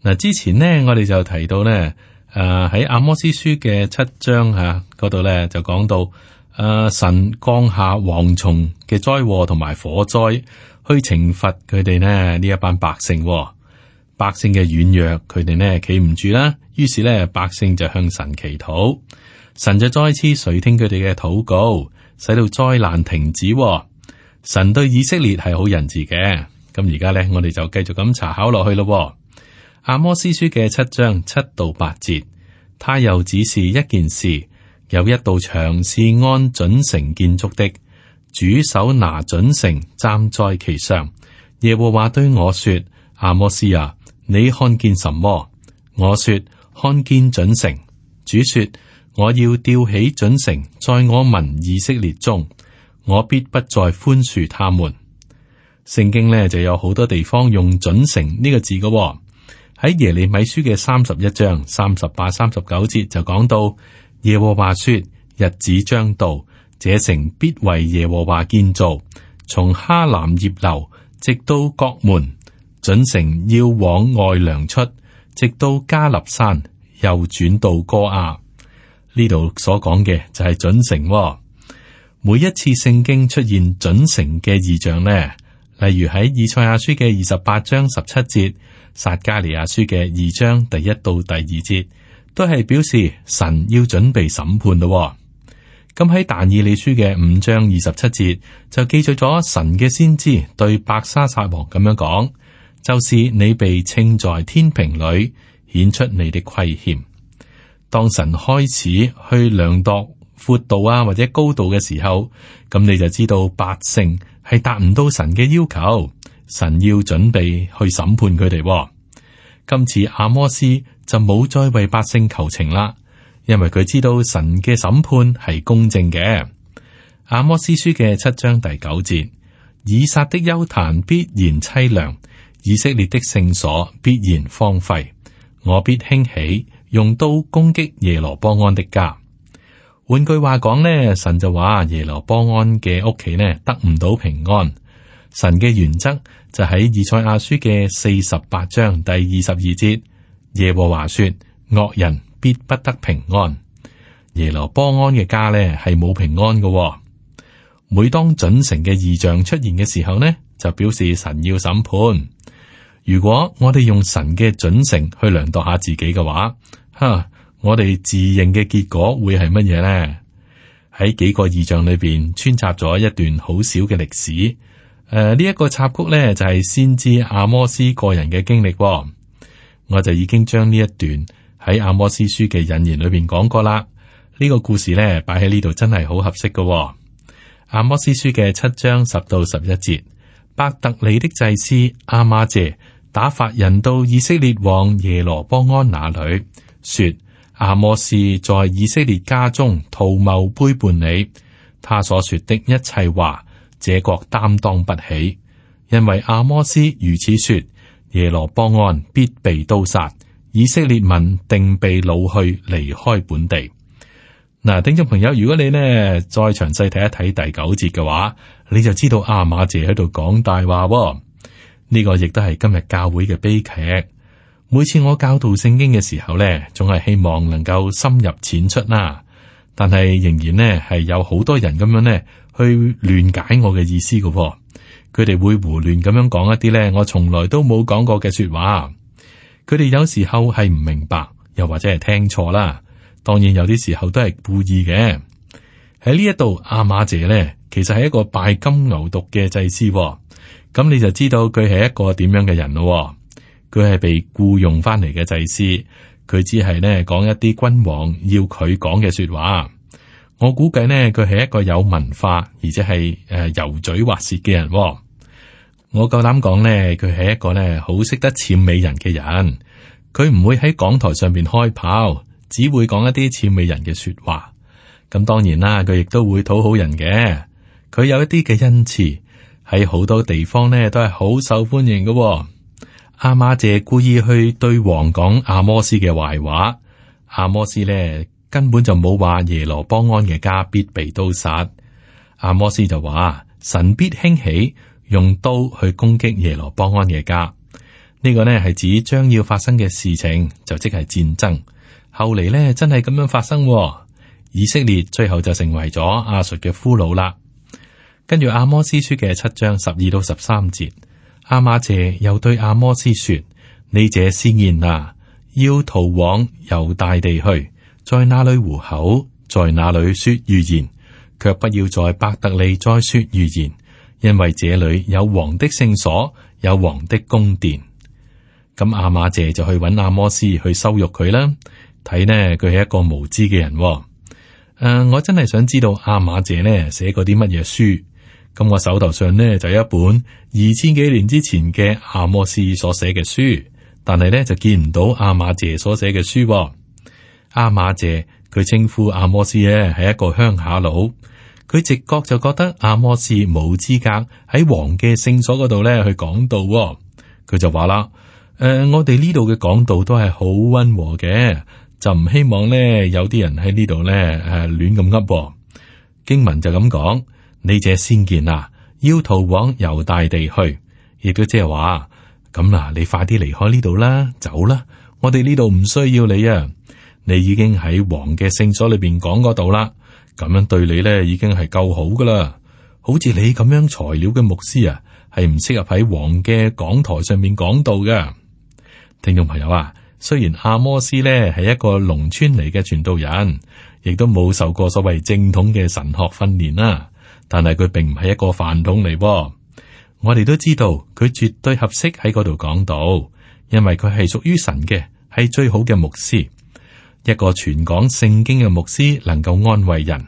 嗱，之前呢，我哋就提到呢，誒、呃、喺阿摩司書嘅七章吓嗰度呢，啊、就講到誒、呃、神降下蝗蟲嘅災禍同埋火災去懲罰佢哋呢。呢一班百姓，哦，百姓嘅軟弱，佢哋呢企唔住啦，於是呢，百姓就向神祈禱，神就再次垂聽佢哋嘅禱告，使到災難停止，哦。神對以色列係好仁慈嘅，咁而家呢，我哋就繼續咁查考落去咯，哦。阿摩司書嘅七章七到八節，他又指示一件事，有一道牆是按準繩建築的，主手拿準繩站在其上。耶和華對我說：阿摩司啊，你看見什麼？我說看見準繩。主說我要吊起準繩，在我民以色列中，我必不再寬恕他們。聖經呢，就有好多地方用“準繩”呢個字嘅、哦。喺耶利米書嘅三十一章三十八、三十九節就講到耶和華說：日子將到，這城必為耶和華建造，從哈楠業樓直到角門，準繩要往外量出，直到迦立山，又轉到歌亞。呢度所講嘅就係準繩、哦。每一次聖經出現準繩嘅異象呢？例如喺以賽亞書嘅二十八章十七節、撒加利亞書嘅二章第一到第二節，都係表示神要準備審判咯、哦。咁喺但以理書嘅五章二十七節就記載咗神嘅先知對白沙撒王咁樣講，就是你被稱在天平裏顯出你的虧欠。當神開始去量度闊度啊，或者高度嘅時候，咁你就知道百姓。係達唔到神嘅要求，神要準備去審判佢哋，哦。今次阿摩斯就冇再為百姓求情啦，因為佢知道神嘅審判係公正嘅。阿摩斯書嘅七章第九節：以撒的邱壇必然淒涼，以色列的聖所必然荒廢。我必興起，用刀攻擊耶羅波安的家。換句話講咧，神就話耶羅波安嘅屋企呢，得唔到平安。神嘅原則就喺以賽亞書嘅四十八章第二十二節，耶和華說惡人必不得平安。耶羅波安嘅家呢係冇平安嘅。每當準繩嘅異象出現嘅時候呢，就表示神要審判。如果我哋用神嘅準繩去量度下自己嘅話，吓。我哋自認嘅結果會係乜嘢呢？喺幾個異象裏邊穿插咗一段好少嘅歷史。誒、呃、呢、這、一個插曲呢，就係、是、先知阿摩斯個人嘅經歷、哦。我就已經將呢一段喺阿摩斯書嘅引言裏邊講過啦。呢、這個故事呢，擺喺呢度真係好合適噶、哦。阿摩斯書嘅七章十到十一節，伯特利的祭司亞瑪謝打發人到以色列王耶羅波安那裏說。阿摩司在以色列家中圖謀背叛你，他所說的一切話，這國擔當不起。因為阿摩司如此說，耶羅波安必被刀殺，以色列民定被擄去離開本地。嗱、嗯，聽眾朋友，如果你呢再詳細睇一睇第九節嘅話，你就知道亞瑪謝喺度講大話、哦，呢、這個亦都係今日教會嘅悲劇。每次我教導聖經嘅時候咧，仲係希望能夠深入淺出啦，但係仍然呢，係有好多人咁樣呢去亂解我嘅意思嘅，佢哋會胡亂咁樣講一啲呢我從來都冇講過嘅說話，佢哋有時候係唔明白，又或者係聽錯啦，當然有啲時候都係故意嘅。喺呢一度，亞瑪謝呢，其實係一個拜金牛犢嘅祭司，咁你就知道佢係一個點樣嘅人咯。佢係被僱傭翻嚟嘅祭司，佢只係呢講一啲君王要佢講嘅說話。我估計呢，佢係一個有文化而且係誒、呃、油嘴滑舌嘅人，哦。我夠膽講呢，佢係一個呢好識得諂媚人嘅人。佢唔會喺講台上面開炮，只會講一啲諂媚人嘅說話。咁當然啦，佢亦都會討好人嘅。佢有一啲嘅恩賜喺好多地方呢都係好受歡迎嘅，哦。亞瑪謝故意去對王講阿摩司嘅壞話，阿摩司咧根本就冇話耶羅波安嘅家必被刀殺，阿摩司就話神必興起用刀去攻擊耶羅波安嘅家，呢、這個呢，係指將要發生嘅事情，就即係戰爭。後嚟呢，真係咁樣發生，以色列最後就成為咗亞述嘅俘虜啦。跟住阿摩司書嘅七章十二到十三節。阿馬謝又對阿摩斯說：你這先言啊，要逃往猶大地去，在那裏糊口，在那裏說預言，卻不要在伯特利再說預言，因為這裏有王的聖所，有王的宮殿。咁、嗯、阿馬謝就去搵阿摩斯去羞辱佢啦，睇呢佢係一個無知嘅人、哦。誒、啊，我真係想知道阿馬謝呢寫過啲乜嘢書。咁我手頭上咧，就有一本二千幾年之前嘅阿摩司所寫嘅書，但係咧，就見唔到阿馬謝所寫嘅書喎、哦。阿馬謝佢稱呼阿摩司咧，係一個鄉下佬，佢直覺就覺得阿摩司冇資格喺王嘅聖所嗰度咧去講道，佢就話啦，誒、呃，我哋呢度嘅講道都係好溫和嘅，就唔希望咧有啲人喺呢度咧誒亂咁噏。經文就咁講。呢隻先見啊，要逃往猶大地去，亦都即係話咁啦。你快啲離開呢度啦，走啦。我哋呢度唔需要你啊。你已經喺王嘅聖所裏邊講嗰度啦，咁樣對你咧已經係夠好噶啦。好似你咁樣材料嘅牧師啊，係唔適合喺王嘅講台上面講道嘅。聽眾朋友啊，雖然阿摩司呢係一個農村嚟嘅傳道人，亦都冇受過所謂正統嘅神學訓練啦、啊。但係佢並唔係一個飯桶嚟，我哋都知道佢絕對合適喺嗰度講道，因為佢係屬於神嘅，係最好嘅牧師，一個全港聖經嘅牧師能夠安慰人，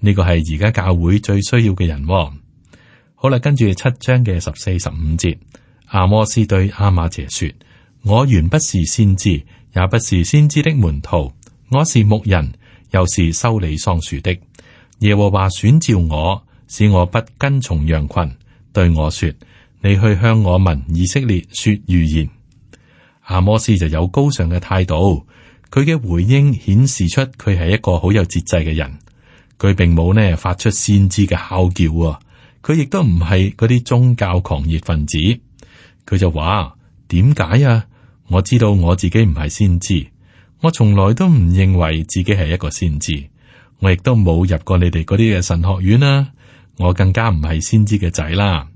呢個係而家教會最需要嘅人。好啦，跟住七章嘅十四十五節，阿摩司對阿瑪謝說：我原不是先知，也不是先知的門徒，我是牧人，又是修理桑樹的。耶和華選召我。使我不跟從羊群，對我說：你去向我民以色列說預言。阿摩司就有高尚嘅態度，佢嘅回應顯示出佢係一個好有節制嘅人。佢並冇呢發出先知嘅號叫啊，佢亦都唔係嗰啲宗教狂熱分子。佢就話：點解啊？我知道我自己唔係先知，我從來都唔認為自己係一個先知，我亦都冇入過你哋嗰啲嘅神學院啊。我更加唔係先知嘅仔啦，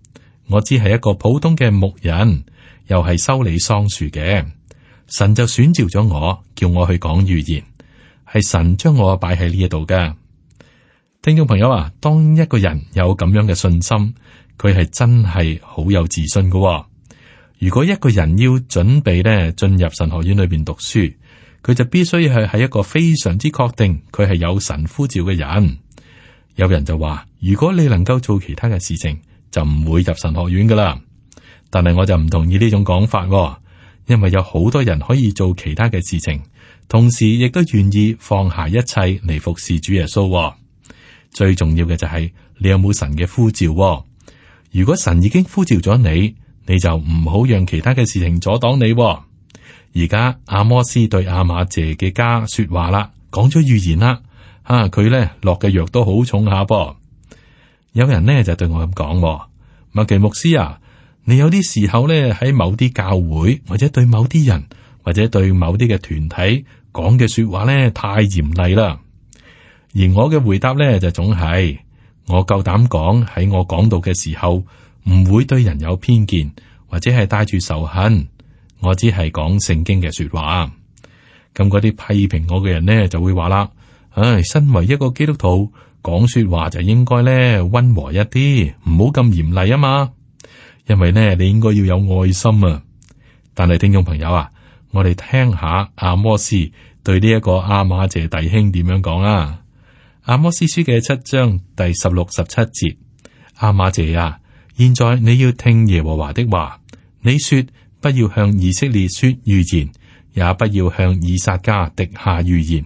我只係一個普通嘅牧人，又係修理桑樹嘅。神就選召咗我，叫我去講預言，係神將我擺喺呢一度嘅。聽眾朋友啊，當一個人有咁樣嘅信心，佢係真係好有自信噶喎。如果一個人要準備咧進入神學院裏邊讀書，佢就必須要係喺一個非常之確定佢係有神呼召嘅人。有人就話：如果你能夠做其他嘅事情，就唔會入神學院噶啦。但係我就唔同意呢種講法喎，因為有好多人可以做其他嘅事情，同時亦都願意放下一切嚟服侍主耶穌喎。最重要嘅就係你有冇神嘅呼召喎。如果神已經呼召咗你，你就唔好讓其他嘅事情阻擋你喎。而家阿摩斯對阿瑪謝嘅家說話啦，講咗預言啦。啊！佢咧落嘅藥都好重下，噃。有人呢，就對我咁講，啊，麥奇牧師啊，你有啲時候呢，喺某啲教會或者對某啲人或者對某啲嘅團體講嘅說話呢，太嚴厲啦。而我嘅回答呢，就總係我夠膽講，喺我講道嘅時候唔會對人有偏見，或者係帶住仇恨。我只係講聖經嘅說話。咁嗰啲批評我嘅人呢，就會話啦。唉，身為一個基督徒，講說話就應該咧温和一啲，唔好咁嚴厲啊嘛。因為呢，你應該要有愛心啊。但係聽眾朋友啊，我哋聽下阿摩斯對呢一個亞瑪謝弟兄點樣講啊。阿摩斯書嘅七章第十六十七節，亞瑪謝啊，現在你要聽耶和華的話，你說不要向以色列說預言，也不要向以撒家滴下預言。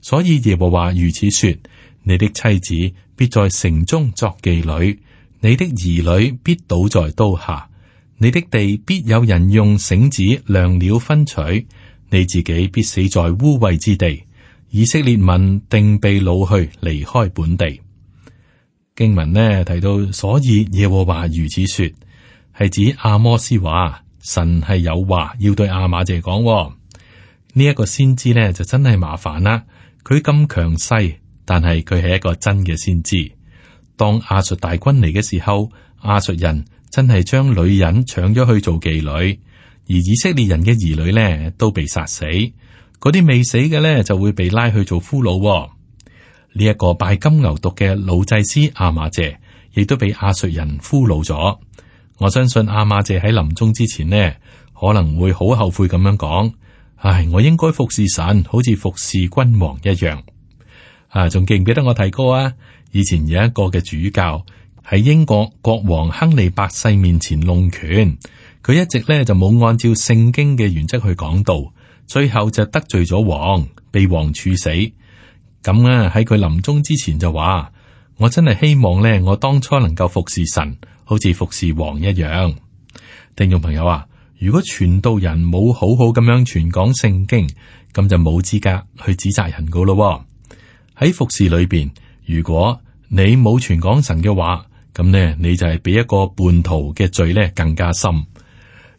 所以耶和華如此說：你的妻子必在城中作妓女，你的兒女必倒在刀下，你的地必有人用繩子量了分取，你自己必死在污穢之地。以色列民定被擄去離開本地。經文呢提到，所以耶和華如此說，係指阿摩斯話，神係有話要對阿馬謝講、哦。呢、這、一個先知呢就真係麻煩啦。佢咁強勢，但係佢係一個真嘅先知。當亞述大軍嚟嘅時候，亞述人真係將女人搶咗去做妓女，而以色列人嘅兒女呢都被殺死。嗰啲未死嘅呢就會被拉去做俘虜、哦。呢、這、一個拜金牛犢嘅老祭司亞瑪謝亦都被亞述人俘虜咗。我相信亞瑪謝喺臨終之前呢可能會好後悔咁樣講。唉，我應該服侍神，好似服侍君王一樣。啊，仲記唔記得我提過啊？以前有一個嘅主教喺英國國王亨利八世面前弄權，佢一直咧就冇按照聖經嘅原則去講道，最後就得罪咗王，被王處死。咁啊喺佢臨終之前就話：我真係希望呢，我當初能夠服侍神，好似服侍王一樣。聽眾朋友啊。如果傳道人冇好好咁樣傳講聖經，咁就冇資格去指責人噶咯。喺服侍裏邊，如果你冇傳講神嘅話，咁呢你就係比一個叛徒嘅罪呢更加深。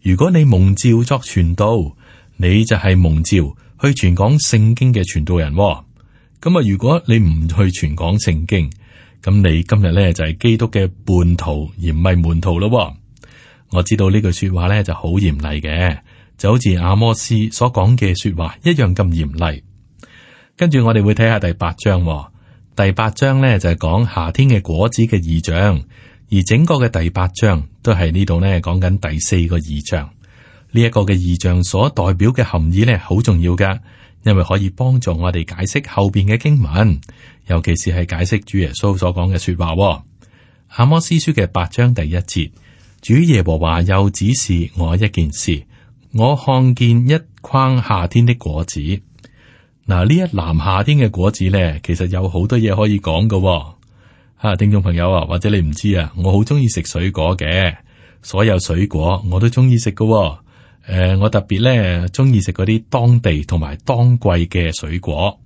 如果你蒙召作傳道，你就係蒙召去傳講聖經嘅傳道人。咁啊，如果你唔去傳講聖經，咁你今日呢就係基督嘅叛徒，而唔係門徒咯。我知道呢句說話咧就好嚴厲嘅，就好似阿摩司所講嘅說話一樣咁嚴厲。跟住我哋會睇下第八章，第八章咧就係講夏天嘅果子嘅異象，而整個嘅第八章都係呢度呢講緊第四個異象呢一個嘅異象所代表嘅含義咧，好重要噶，因為可以幫助我哋解釋後邊嘅經文，尤其是係解釋主耶穌所講嘅說話。阿摩司書嘅八章第一節。主耶和華又指示我一件事，我看見一筐夏天的果子。嗱，呢一籃夏天嘅果子咧，其實有好多嘢可以講嘅。吓，聽眾朋友啊，或者你唔知啊，我好中意食水果嘅，所有水果我都中意食嘅。誒、呃，我特別咧中意食嗰啲當地同埋當季嘅水果，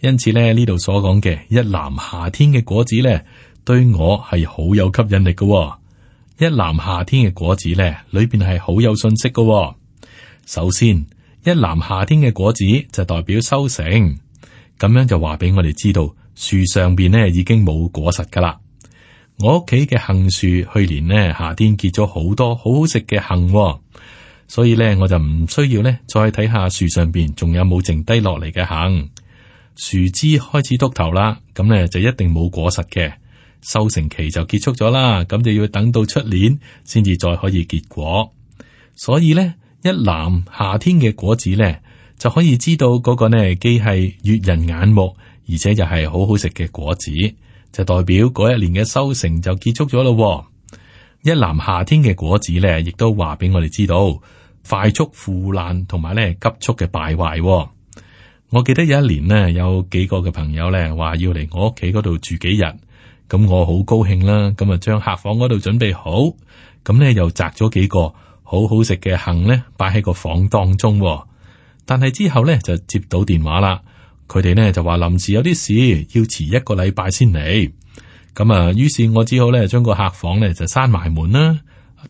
因此咧呢度所講嘅一籃夏天嘅果子咧，對我係好有吸引力嘅喎。一籃夏天嘅果子咧，裏邊係好有信息噶喎。首先，一籃夏天嘅果子就代表收成，咁樣就話俾我哋知道樹上邊咧已經冇果實噶啦。我屋企嘅杏樹去年呢夏天結咗好多好好食嘅杏喎，所以咧我就唔需要咧再睇下樹上邊仲有冇剩低落嚟嘅杏，樹枝開始禿頭啦，咁咧就一定冇果實嘅。收成期就結束咗啦，咁就要等到出年先至再可以結果。所以呢，一籃夏天嘅果子呢，就可以知道嗰個呢既係悅人眼目，而且又係好好食嘅果子，就代表嗰一年嘅收成就結束咗咯。一籃夏天嘅果子呢，亦都話俾我哋知道快速腐爛同埋呢急速嘅敗壞。我記得有一年呢，有幾個嘅朋友呢話要嚟我屋企嗰度住幾日。咁我好高興啦，咁啊將客房嗰度準備好，咁呢又摘咗幾個好好食嘅杏呢，擺喺個房當中。但係之後呢，就接到電話啦，佢哋呢就話臨時有啲事要遲一個禮拜先嚟。咁啊，於是我只好呢將個客房呢就閂埋門啦。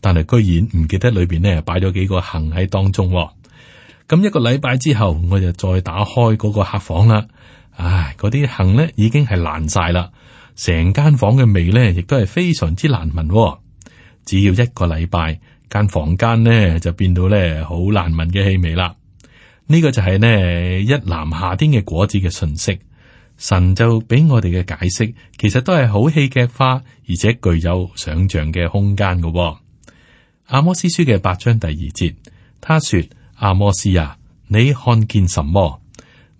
但係居然唔記得裏邊呢擺咗幾個杏喺當中。咁一個禮拜之後，我就再打開嗰個客房啦。唉，嗰啲杏呢已經係爛晒啦。成間房嘅味咧，亦都係非常之難聞、哦。只要一個禮拜間房間咧，就變到咧好難聞嘅氣味啦。呢、呢個就係呢一籃夏天嘅果子嘅信息。神就俾我哋嘅解釋，其實都係好戲劇化，而且具有想象嘅空間嘅、哦。阿摩司書嘅八章第二節，他說：阿摩司啊，你看見什麼？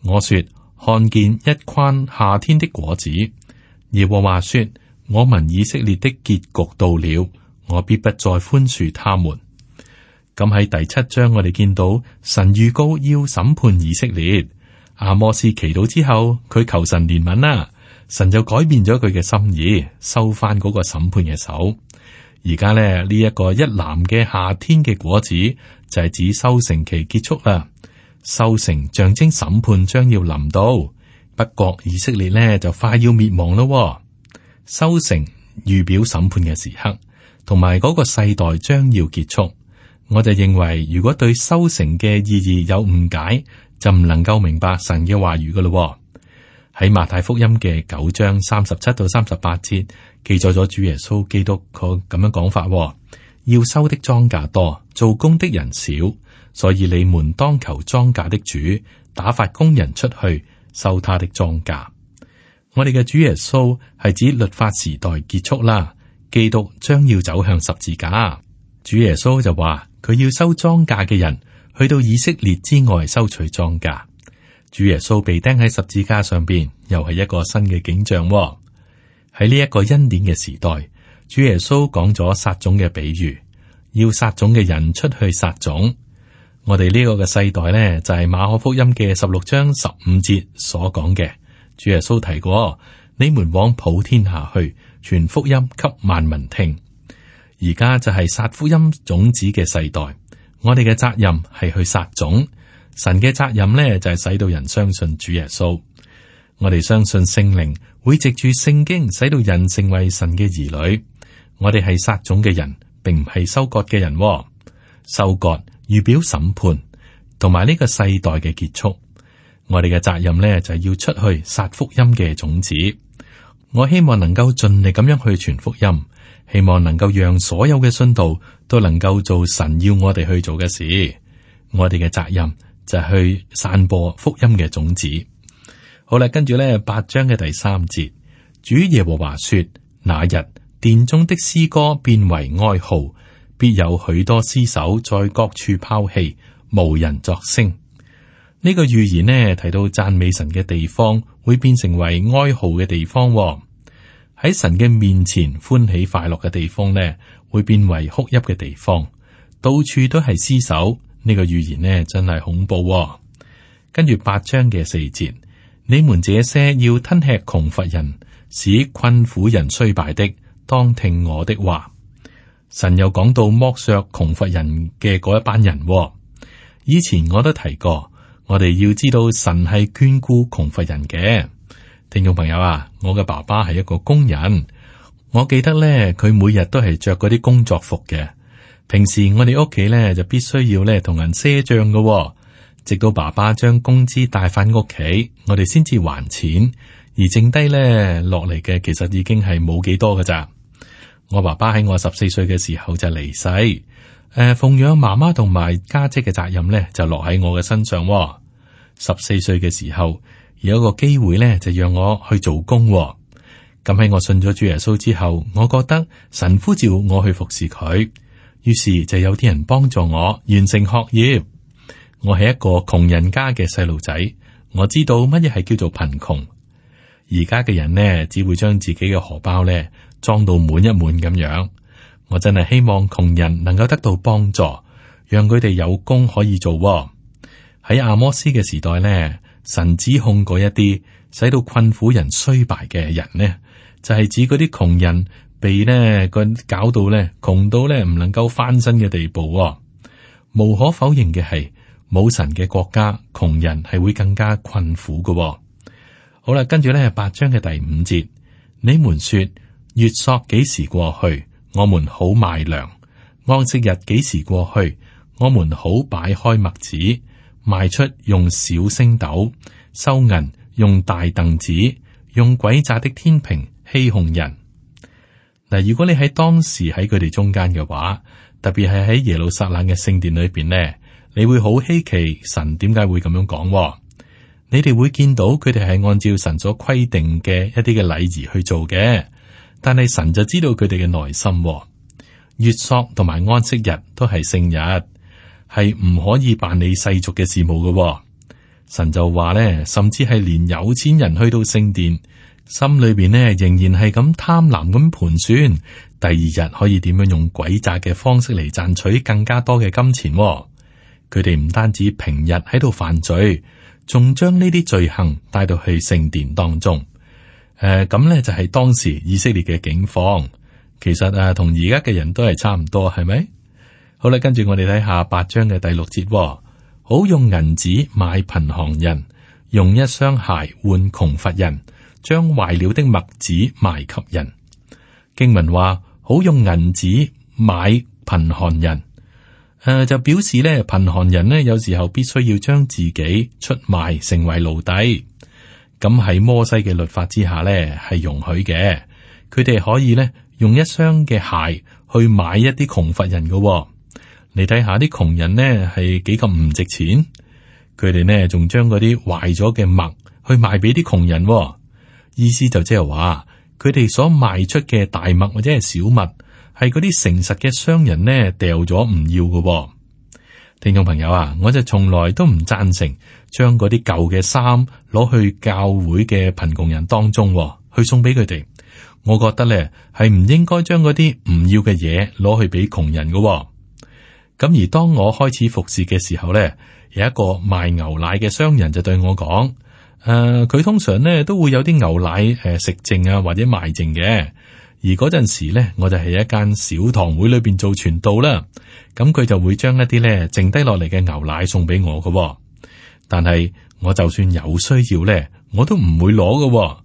我說看見一筐夏天的果子。耶和華說，我民以色列的結局到了，我必不再寬恕他們。咁喺第七章我，我哋見到神預告要審判以色列。阿摩司祈禱之後，佢求神憐憫啦，神就改變咗佢嘅心意，收翻嗰個審判嘅手。而家呢，呢、這、一個一籃嘅夏天嘅果子，就係、是、指收成期結束啦，收成象徵審判將要臨到。不過以色列咧就快要滅亡咯、哦。收成預表審判嘅時刻，同埋嗰個世代將要結束。我就認為，如果對收成嘅意義有誤解，就唔能夠明白神嘅話語噶、哦。咯喺馬太福音嘅九章三十七到三十八節記載咗主耶穌基督個咁樣講法、哦：要收的莊稼多，做工的人少，所以你們當求莊稼的主打發工人出去。收他的莊稼，我哋嘅主耶穌係指律法時代結束啦，基督將要走向十字架。主耶穌就話佢要收莊稼嘅人去到以色列之外收取莊稼。主耶穌被釘喺十字架上邊，又係一個新嘅景象，哦。喺呢一個恩典嘅時代，主耶穌講咗撒種嘅比喻，要撒種嘅人出去撒種。我哋呢個嘅世代呢，就係、是、馬可福音嘅十六章十五節所講嘅，主耶穌提過，你們往普天下去，傳福音給萬民聽。而家就係撒福音種子嘅世代，我哋嘅責任係去撒種，神嘅責任呢，就係、是、使到人相信主耶穌。我哋相信聖靈會藉住聖經，使到人成為神嘅兒女。我哋係撒種嘅人，並唔係收割嘅人，收割。預表審判同埋呢個世代嘅結束，我哋嘅責任咧就係、是、要出去撒福音嘅種子。我希望能夠盡力咁樣去傳福音，希望能夠讓所有嘅信徒都能夠做神要我哋去做嘅事。我哋嘅責任就係去散播福音嘅種子。好啦，跟住咧八章嘅第三節，主耶和華說：那日殿中的詩歌變為哀號。必有許多屍首在各處拋棄，無人作聲。呢、這個預言呢提到讚美神嘅地方會變成為哀號嘅地方喎、哦。喺神嘅面前歡喜快樂嘅地方呢，會變為哭泣嘅地方。到處都係屍首。呢、這個預言呢真係恐怖、哦。跟住八章嘅四節，你們這些要吞吃窮乏人、使困苦人衰敗的，當聽我的話。神又講到剝削窮乏人嘅嗰一班人、哦，以前我都提過，我哋要知道神係眷顧窮乏人嘅。聽眾朋友啊，我嘅爸爸係一個工人，我記得呢，佢每日都係着嗰啲工作服嘅。平時我哋屋企呢，就必須要咧同人賒賬嘅，直到爸爸將工資帶翻屋企，我哋先至還錢，而剩低咧落嚟嘅其實已經係冇幾多㗎咋。我爸爸喺我十四歲嘅時候就離世，誒、呃，奉養媽媽同埋家姐嘅責任咧就落喺我嘅身上、哦。十四歲嘅時候有一個機會咧就讓我去做工、哦。咁喺我信咗主耶穌之後，我覺得神呼召我去服侍佢，於是就有啲人幫助我完成學業。我係一個窮人家嘅細路仔，我知道乜嘢係叫做貧窮。而家嘅人呢，只會將自己嘅荷包咧。裝到滿一滿咁樣，我真係希望窮人能夠得到幫助，讓佢哋有工可以做喎。喺阿摩斯嘅時代咧，神指控過一啲使到困苦人衰敗嘅人呢，就係、是、指嗰啲窮人被呢個搞到咧窮到咧唔能夠翻身嘅地步、哦。無可否認嘅係冇神嘅國家，窮人係會更加困苦嘅、哦。好啦，跟住咧八章嘅第五節，你們說。月朔幾時過去，我們好賣糧；安息日幾時過去，我們好擺開麥子賣出。用小升斗收銀，用大戥子，用詭詐的天平欺哄人。嗱，如果你喺當時喺佢哋中間嘅話，特別係喺耶路撒冷嘅聖殿裏邊呢，你會好稀奇神點解會咁樣講。你哋會見到佢哋係按照神所規定嘅一啲嘅禮儀去做嘅。但係神就知道佢哋嘅內心喎。月朔同埋安息日都係聖日，係唔可以辦理世俗嘅事務嘅喎。神就話咧，甚至係連有錢人去到聖殿，心裏邊咧仍然係咁貪婪咁盤算，第二日可以點樣用詭詐嘅方式嚟賺取更加多嘅金錢喎。佢哋唔單止平日喺度犯罪，仲將呢啲罪行帶到去聖殿當中。誒，咁呢、呃、就係當時以色列嘅警方，其實啊，同而家嘅人都係差唔多，係咪？好啦，跟住我哋睇下八章嘅第六節，哦，好用銀子買貧寒人，用一雙鞋換窮乏人，將壞了的麥子賣給人。經文話好用銀子買貧寒人，誒、呃、就表示呢，貧寒人呢，有時候必須要將自己出賣，成為奴隸。咁喺摩西嘅律法之下咧，係容許嘅。佢哋可以咧用一雙嘅鞋去買一啲窮乏人嘅、哦。你睇下啲窮人咧係幾咁唔值錢。佢哋呢，仲將嗰啲壞咗嘅麥去賣俾啲窮人、哦。意思就即係話，佢哋所賣出嘅大麥或者係小麥，係嗰啲誠實嘅商人呢，掉咗唔要嘅、哦。聽眾朋友啊，我就從來都唔贊成將嗰啲舊嘅衫攞去教會嘅貧窮人當中、哦、去送俾佢哋。我覺得咧係唔應該將嗰啲唔要嘅嘢攞去俾窮人嘅、哦。咁而當我開始服侍嘅時候咧，有一個賣牛奶嘅商人就對我講：，誒、呃，佢通常咧都會有啲牛奶誒食剩啊或者賣剩嘅。而嗰陣時呢，我就喺一間小堂會裏邊做傳道啦。咁佢就會將一啲呢剩低落嚟嘅牛奶送俾我噶、哦。但係我就算有需要呢，我都唔會攞噶、哦。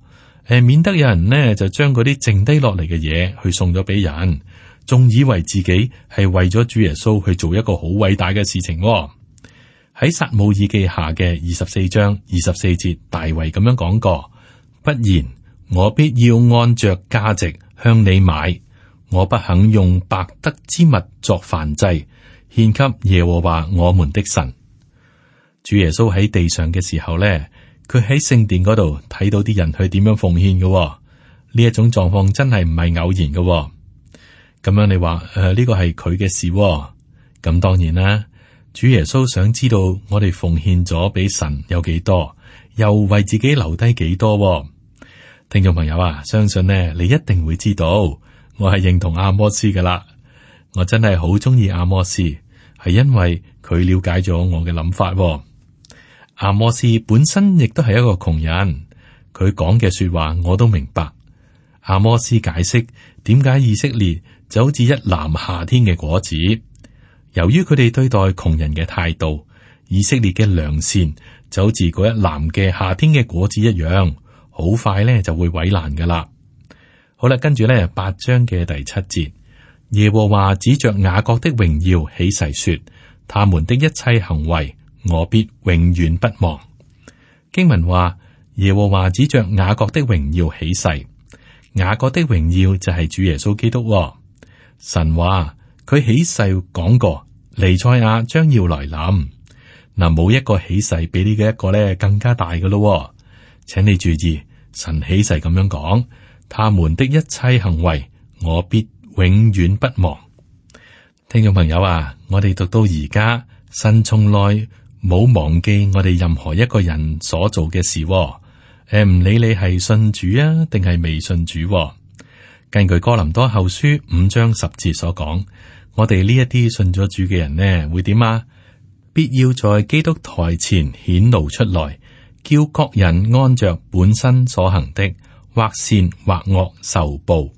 誒、呃，免得有人呢就將嗰啲剩低落嚟嘅嘢去送咗俾人，仲以為自己係為咗主耶穌去做一個好偉大嘅事情喎、哦。喺撒母耳記下嘅二十四章二十四節，大衛咁樣講過：，不然我必要按着價值。向你買，我不肯用白得之物作燔祭，獻給耶和華我們的神。主耶穌喺地上嘅時候咧，佢喺聖殿嗰度睇到啲人去點樣奉獻嘅，呢一種狀況真係唔係偶然嘅。咁樣你話誒，呢個係佢嘅事、哦，咁當然啦。主耶穌想知道我哋奉獻咗俾神有幾多，又為自己留低幾多、哦。聽眾朋友啊，相信呢，你一定會知道，我係認同阿摩司噶啦。我真係好中意阿摩司，係因為佢了解咗我嘅諗法，哦。阿摩司本身亦都係一個窮人，佢講嘅說話我都明白。阿摩司解釋點解以色列就好似一籃夏天嘅果子，由於佢哋對待窮人嘅態度，以色列嘅良善就好似嗰一籃嘅夏天嘅果子一樣。好快咧就會毀爛噶啦，好啦，跟住咧八章嘅第七節，耶和華指着雅各的榮耀起誓說：他們的一切行為，我必永遠不忘。經文話耶和華指着雅各的榮耀起誓，雅各的榮耀就係主耶穌基督喎。神話佢起誓講過，尼賽亞將要來臨。嗱，冇一個起誓比呢個一個咧更加大噶咯喎，請你注意。神起誓咁樣講，他們的一切行為，我必永遠不忘。聽眾朋友啊，我哋讀到而家，神從來冇忘記我哋任何一個人所做嘅事、哦。誒、呃，唔理你係信主啊，定係未信主、哦。根據哥林多後書五章十節所講，我哋呢一啲信咗主嘅人呢，會點啊？必要在基督台前顯露出來。叫各人按着本身所行的，或善或惡受，受報。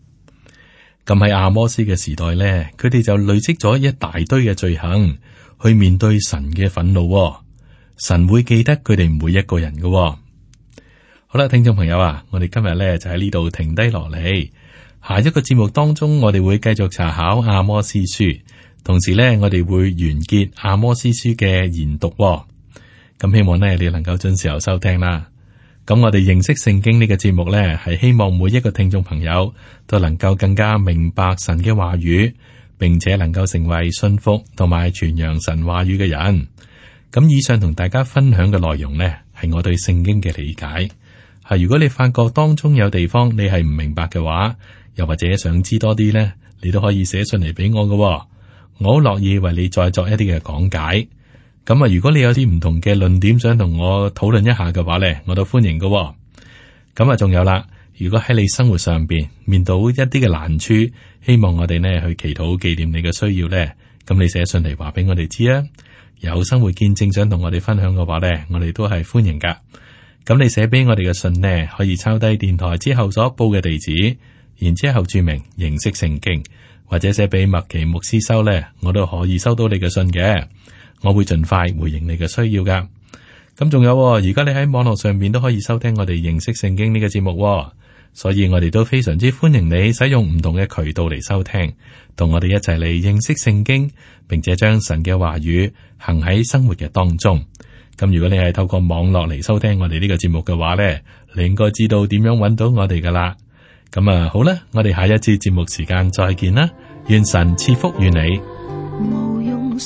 咁喺阿摩司嘅時代呢，佢哋就累積咗一大堆嘅罪行，去面對神嘅憤怒、哦。神會記得佢哋唔每一個人嘅、哦。好啦，聽眾朋友啊，我哋今日呢就喺呢度停低落嚟。下一個節目當中，我哋會繼續查考阿摩司書，同時呢，我哋會完結阿摩司書嘅研讀、哦。咁希望咧，你能夠準時候收聽啦。咁我哋認識聖經呢個節目呢，係希望每一個聽眾朋友都能夠更加明白神嘅話語，並且能夠成為信服同埋傳揚神話語嘅人。咁以上同大家分享嘅內容呢，係我對聖經嘅理解。係如果你發覺當中有地方你係唔明白嘅話，又或者想知多啲呢，你都可以寫信嚟俾我嘅哦，我好樂意為你再作一啲嘅講解。咁啊，如果你有啲唔同嘅論點，想同我討論一下嘅話呢，我都歡迎噶喎。咁啊，仲有啦，如果喺你生活上邊面對一啲嘅難處，希望我哋呢去祈禱紀念你嘅需要呢。咁你寫信嚟話俾我哋知啊。有生活見證想同我哋分享嘅話呢，我哋都係歡迎噶。咁你寫俾我哋嘅信呢，可以抄低電台之後所報嘅地址，然之後注明形式聖經或者寫俾麥奇牧師收呢，我都可以收到你嘅信嘅。我會盡快回應你嘅需要噶。咁仲有喎，而家你喺網絡上面都可以收聽我哋認識聖經呢個節目喎，所以我哋都非常之歡迎你使用唔同嘅渠道嚟收聽，同我哋一齊嚟認識聖經，並且將神嘅話語行喺生活嘅當中。咁如果你係透過網絡嚟收聽我哋呢個節目嘅話呢，你應該知道點樣揾到我哋噶啦。咁啊，好啦，我哋下一次節目時間再見啦，願神賜福於你。無用